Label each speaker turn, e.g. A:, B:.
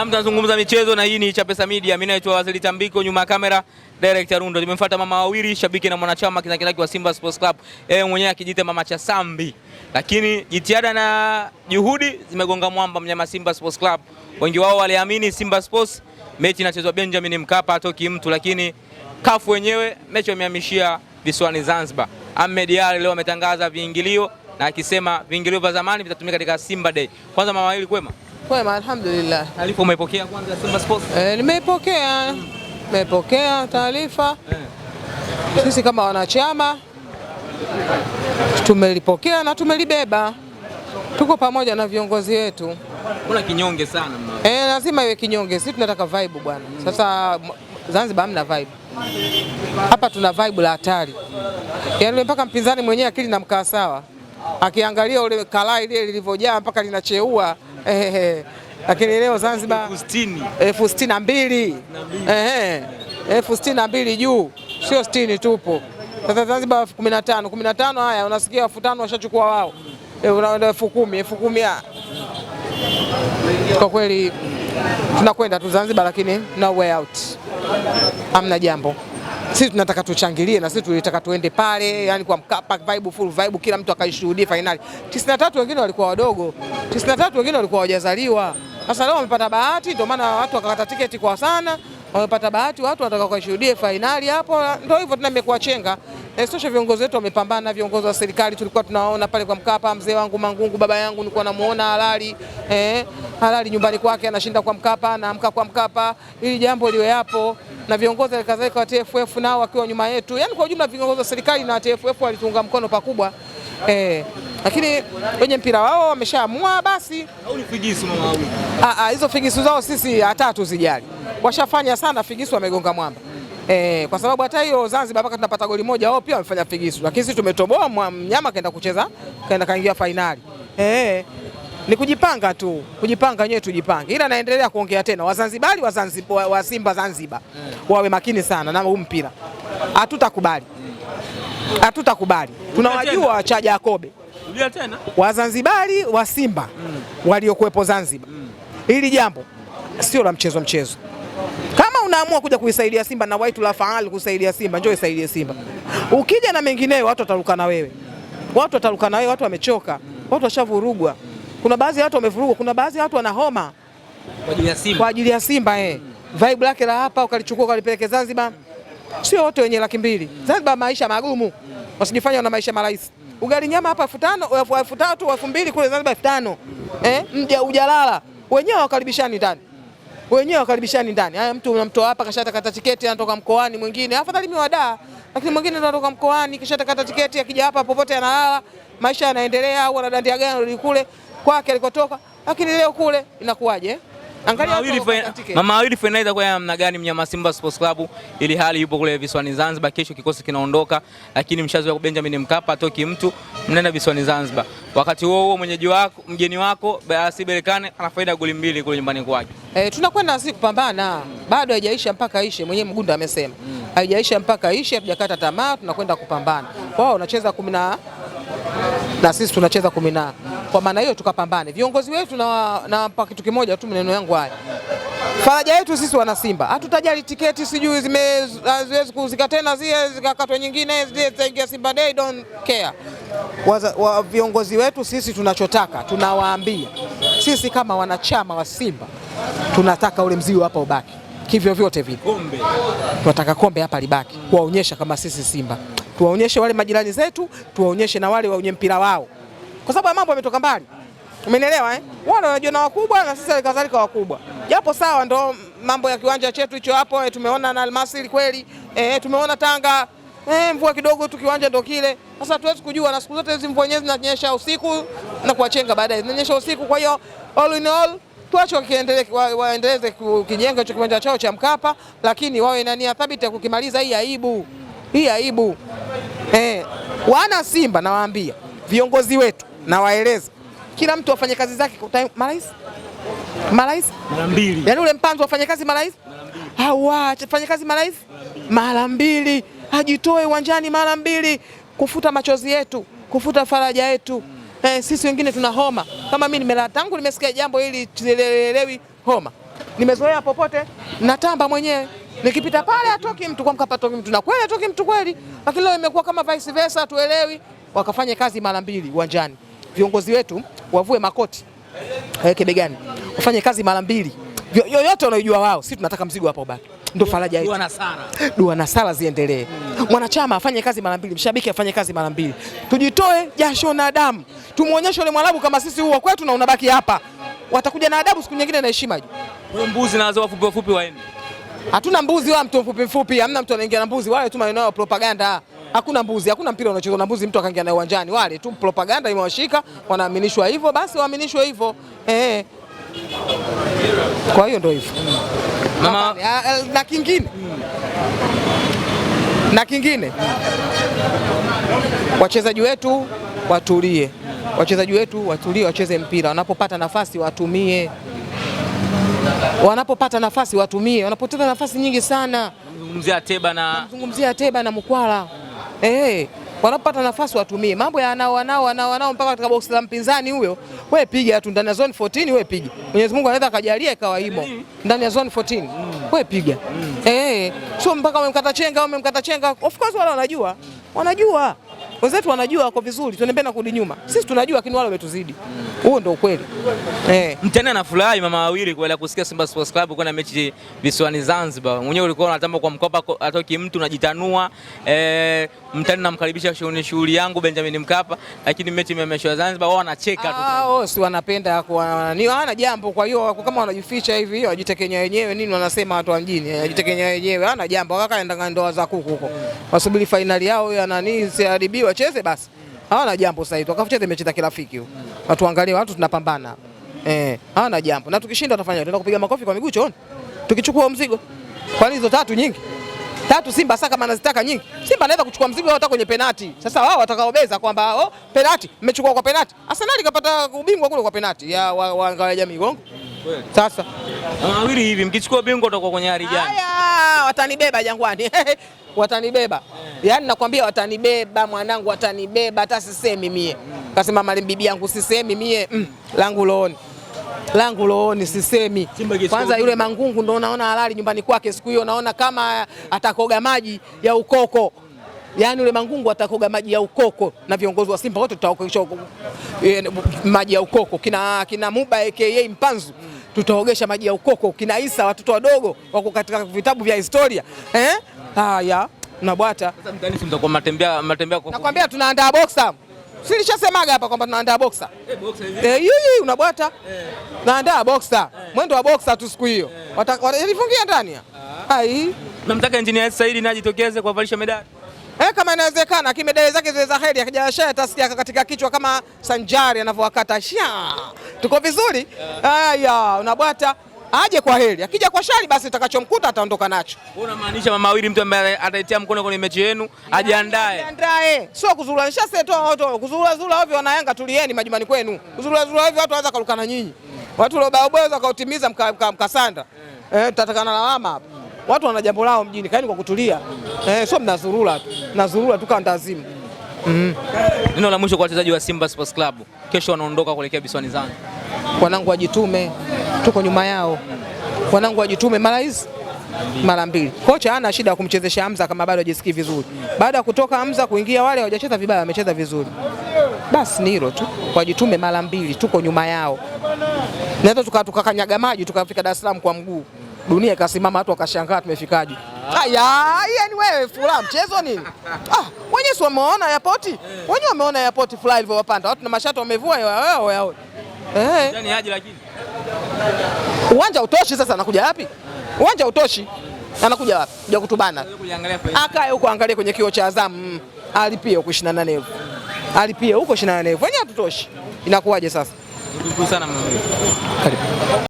A: Naam, tunazungumza michezo na hii ni Chapesa Media. Mimi naitwa Wazili Tambiko, nyuma ya kamera director Rundo. Nimemfuata mama wawili, shabiki na mwanachama kinakilaki wa Simba Sports Club, yeye mwenyewe akijiita mama cha Sambi, lakini jitihada na juhudi zimegonga mwamba mnyama Simba Sports Club. Wengi wao waliamini Simba Sports mechi inachezwa Benjamin Mkapa atoki mtu, lakini kafu wenyewe mechi wamehamishia visiwani Zanzibar. Ahmed Ally leo ametangaza viingilio na akisema viingilio vya zamani vitatumika katika Simba Day. Kwanza mama wawili, kwema?
B: Kwema, alhamdulillah.
A: Taarifa umeipokea kwanza Simba Sports?
B: Eh, nimeipokea. Nimepokea taarifa eh. Sisi kama wanachama tumelipokea na tumelibeba, tuko pamoja na viongozi wetu.
A: Kuna kinyonge sana
B: eh, lazima iwe kinyonge. Sisi tunataka vibe bwana. Sasa Zanzibar hamna vibe, hapa tuna vibe la hatari, yaani mpaka mpinzani mwenyewe akili namkaa sawa, akiangalia ule kalai ile lilivyojaa mpaka linacheua Eh, eh, eh, lakini leo Zanzibar elfu sitini eh, na mbili elfu sitini na mbili juu, sio sitini tupo sasa. Zanzibar elfu kumi na tano kumi na tano haya unasikia elfu tano washachukua wao, elfu kumi elfu kumi Kwa kweli tunakwenda tu Zanzibar, lakini no way out, amna jambo sisi tunataka tuchangilie, na sisi tulitaka tuende pale, yani kwa Mkapa vibe, full vibe, kila mtu akaishuhudia fainali. 93 wengine walikuwa wadogo, 93 wengine walikuwa wajazaliwa Sasa leo wamepata bahati, ndio maana watu wakakata tiketi kwa sana, wamepata bahati, watu wanataka kuishuhudia fainali hapo. Ndio hivyo tena, imekuwa chenga. Isitoshe viongozi wetu wamepambana, viongozi wa serikali tulikuwa tunaona pale kwa Mkapa. Mzee wangu Mangungu, baba yangu, nilikuwa namuona halali eh, halali nyumbani kwake anashinda kwa Mkapa, naamka kwa Mkapa, ili jambo liwe hapo na viongozi alikadhalika wa TFF nao wakiwa nyuma yetu, yani kwa ujumla viongozi wa serikali na TFF walituunga mkono pakubwa eh, lakini wenye mpira wao wameshaamua basi. Ah, ah, hizo figisu zao sisi hata tuzijali, washafanya sana figisu, wamegonga mwamba. Eh, kwa sababu hata hiyo Zanzibar mpaka tunapata goli moja wao pia wamefanya figisu, lakini sisi tumetoboa, mnyama kaenda kucheza, kaenda kaingia fainali. Eh, ni kujipanga tu, kujipanga wenyewe, tujipange. Ila naendelea kuongea tena, Wazanzibari wa Zanzibar, wa Simba Zanzibar wawe makini sana na huu mpira, hatutakubali, hatutakubali. Tunawajua wachaja Yakobe Wazanzibari wa Simba mm. waliokuwepo Zanzibar, mm. hili jambo sio la mchezo mchezo unaamua kuja kuisaidia Simba na waitu la faali kusaidia Simba, njoo isaidie Simba. Ukija na mengineyo, watu wataruka na wewe, watu wataruka na wewe, watu wamechoka, watu washavurugwa. Kuna baadhi ya watu wamevurugwa, kuna baadhi ya watu wana homa kwa ajili ya Simba, kwa ajili ya Simba eh. Vibe lake la hapa ukalichukua ukalipeleke Zanzibar, sio wote wenye laki mbili. Zanzibar maisha magumu, wasijifanye wana maisha marahisi ugali nyama hapa elfu tano elfu tatu elfu mbili kule Zanzibar elfu tano eh, mja ujalala wenyewe wakaribishani ndani wenyewe wakaribishani ndani. Haya, mtu unamtoa hapa kashatakata tiketi anatoka mkoani, mwingine afadhali miwada, lakini mwingine anatoka mkoani kishatakata tiketi, akija hapa popote analala, maisha yanaendelea, au anadandia gani kule kwake alikotoka, lakini leo kule inakuwaje? Eh?
A: Mama wawili fainali itakuwa ya namna gani mnyama Simba Sports Club ili hali yupo kule visiwani Zanzibar, kesho kikosi kinaondoka, lakini wa Benjamin Mkapa atoki mtu, mnaenda visiwani Zanzibar. Wakati huo huo mwenyeji wako mgeni wako Basi Berkane ana faida goli mbili kule nyumbani kwake.
B: Eh, tunakwenda sisi kupambana, bado haijaisha mpaka ishe, mwenyewe Mgunda amesema hmm. haijaisha mpaka ishe, hatujakata tamaa, tunakwenda kupambana. Wao wanacheza 10 na sisi tunacheza 10 na kwa maana hiyo tukapambane viongozi wetu, na nawapa kitu kimoja tu, maneno yangu haya, faraja yetu sisi wanasimba, hatutajali tiketi sijui zimeziwezi kuzika tena zile zikakatwa nyingine zitaingia Simba Day, don't care. Waza, wa, viongozi wetu sisi tunachotaka tunawaambia, sisi kama wanachama wa Simba tunataka ule mzigo hapa ubaki kivyo vyote vile, tunataka kombe hapa libaki, kuwaonyesha kama sisi Simba, tuwaonyeshe wale majirani zetu, tuwaonyeshe na wale wenye mpira wao kwa sababu ya mambo yametoka mbali, umenielewa eh? Wao wanajua na wakubwa na sisi kadhalika wakubwa, japo sawa, ndo mambo ya kiwanja chetu hicho hapo eh, tumeona na Almasiri kweli eh, eh tumeona Tanga eh, mvua kidogo tu kiwanja ndo kile sasa. Tuwezi kujua na siku zote hizi mvua yenyewe zinanyesha usiku na kuachenga baadaye, zinanyesha usiku. Kwa hiyo all in all tuache waendeleze kukijenga hicho kiwanja chao cha Mkapa, lakini wawe na nia thabiti ya kukimaliza. Hii aibu, hii aibu eh, wana Simba nawaambia viongozi wetu na waeleza kila mtu afanye kazi zake kwa time. marais marais mara mbili, yani ule mpanzo afanye kazi marais hawaache fanye kazi marais mara mbili, ajitoe uwanjani mara mbili, kufuta machozi yetu, kufuta faraja yetu. Hmm. Eh, sisi wengine tuna homa kama mimi nimelala tangu nimesikia jambo hili tuelewi homa, nimezoea popote natamba mwenyewe nikipita pale atoki mtu kwa mkapa atoki mtu na kweli atoki mtu kweli, lakini leo imekuwa kama vice versa, tuelewi. Wakafanye kazi mara mbili uwanjani viongozi wetu wavue makoti waweke eh, begani, wafanye kazi mara mbili, yoyote wanaojua wao. Sisi tunataka mzigo hapo ubaki, ndo faraja yetu. Dua na sala ziendelee, mwanachama afanye kazi mara mbili, mshabiki afanye kazi mara mbili, tujitoe jasho na damu, tumuonyeshe yule Mwarabu kama sisi huwa kwetu na unabaki hapa. Watakuja na adabu siku nyingine na heshima
A: Mbuzi na wafupi wafupi waende,
B: hatuna mbuzi wa mtu mfupi mfupi, hamna mtu anaingia na mbuzi, wale tu maeneo ya propaganda hakuna mbuzi, hakuna mpira unachezwa na mbuzi, mtu akaingia na uwanjani. Wale tu propaganda imewashika, wanaaminishwa hivyo, basi waaminishwe hivyo eh. eh. Kwa hiyo ndio hivyo mama, ah, eh, na kingine na kingine, wachezaji wetu watulie, wachezaji wetu watulie, wacheze mpira, wanapopata nafasi watumie wanapopata nafasi watumie, wanapoteza nafasi nyingi sana.
A: Mzungumzia Teba na
B: Mzungumzia Teba na Mkwala eh, wanapata nafasi watumie mambo ya wanao wanao wanao wanao mpaka katika boksi la mpinzani huyo. Wewe piga tu ndani ya zone 14, wewe piga. Mwenyezi Mungu anaweza akajalia ikawa himo yaani? ndani ya zone 14, wewe piga mm. eh, sio mpaka umemkata chenga au umemkata chenga. Of course wale wanajua, wanajua Wenzetu wanajua wako vizuri, tunaendelea na kurudi nyuma. Sisi tunajua lakini wale wametuzidi. Huo ndio ukweli. Eh.
A: na furahi mama wawili kwa kusikia Simba Sports Club kuna mechi visiwani Zanzibar. Mwenyewe ulikuwa unatamba kwa mkopa atoki mtu unajitanua. Eh, mtani namkaribisha shughuli shughuli yangu Benjamin Mkapa, lakini mechi imemeshwa Zanzibar wao wanacheka tu.
B: Ah, wao si wanapenda kwa ni hawana jambo, kwa hiyo wako kama wanajificha hivi wajitekenya wenyewe nini wanasema watu wa mjini. Wajitekenya wenyewe hawana jambo, wakaenda anaenda ndoa za kuku huko. Wasubiri finali yao ya nani siharibiwa wacheze basi, hawana jambo sasa hivi, wakacheze mechi za kirafiki huko, watu angalie, watu tunapambana eh, hawana jambo. Na tukishinda tutafanya tutaenda kupiga makofi kwa miguu chooni, tukichukua mzigo. Kwani hizo tatu nyingi tatu Simba saka maana zitaka nyingi, Simba anaweza kuchukua mzigo wao hata kwenye penati. Sasa wao watakaobeza kwamba oh, penati mmechukua kwa penati. Arsenal kapata ubingwa kule kwa penati ya wa, wa, wa wa jamii gongo. Sasa
A: Wawili hivi mkichukua ubingwa utakuwa kwenye hali gani?
B: Ah, watanibeba Jangwani watanibeba yaani, nakwambia watanibeba mwanangu, watanibeba hata sisemi mie. Kasema mali bibi yangu sisemi mie mm, langu looni langu looni sisemi. Kwanza yule mangungu ndo naona halali nyumbani kwake siku hiyo, naona kama atakoga maji ya ukoko yaani yule mangungu atakoga maji ya ukoko na viongozi wa Simba wote tutawakogesha eh, maji ya ukoko, kina, kina Muba aka Mpanzu mm tutaogesha maji ya ukoko kina Isa, watoto wadogo wako katika vitabu vya historia eh? Haya, nabwata nakwambia, tunaandaa boksa Silishasemaga hapa kwamba tunaandaa boxer. Eh, boxer hivi. Eh, unabwata. Eh. Naandaa boxer. Eh. Mwendo wa boxer tu siku hiyo. Eh. Watafungia ndani. Ah. Hai.
A: Namtaka engineer Said na tokeze kuwavalisha medali.
B: Eh, kama inawezekana kimedele zake zile za heri akijasha tasikia katika kichwa kama sanjari anavyowakata sha. Tuko vizuri? Aya, unabwata aje kwa heri. Akija kwa shari basi utakachomkuta ataondoka nacho.
A: Wewe unamaanisha mama wili mtu ambaye ataitia mkono kwenye mechi yenu yaani ajiandae.
B: Ajiandae. Sio kuzulanisha seto watu kuzula zura ovyo wana Yanga tulieni majumbani kwenu. Kuzula zura ovyo watu waanza kalukana nyinyi. Watu leo bozo kautimiza mkasanda. Eh, eh tutatakana lawama hapa watu wana jambo lao mjini, kaeni kwa kutulia eh, sio mnazurura tu, nazurura tu kama ndazimu. Mm.
A: Neno la mwisho kwa wachezaji wa Simba Sports Club, kesho wanaondoka kuelekea visiwani Zanzibar.
B: Wanangu wajitume, tuko nyuma yao. Wanangu wajitume, mara hizi mara mbili. Kocha hana shida ya kumchezesha Hamza kama bado hajisikii vizuri. Baada ya kutoka Hamza kuingia, wale hawajacheza vibaya, wamecheza vizuri. Basi ni hilo tu, wajitume mara mbili, tuko nyuma yao. Naweza tukakanyaga tuka maji tukafika Dar es Salaam kwa mguu dunia ikasimama, watu wakashangaa tumefikaje. Aya, yani wewe furaha mchezo nini? Ah, wenyewe si wameona airport? Wenyewe wameona airport furaha ilivyowapanda. Watu na mashato wamevua wao wao. Eh. Yaani haji lakini. Uwanja utoshi sasa anakuja wapi? Uwanja utoshi. Anakuja wapi? Kuja kutubana. Akae huko angalie kwenye kio cha Azam. Mm, Alipia huko 28 alipie Alipia huko 28 elfu. Wenyewe yaani hatutoshi. Inakuwaje sasa? Karibu.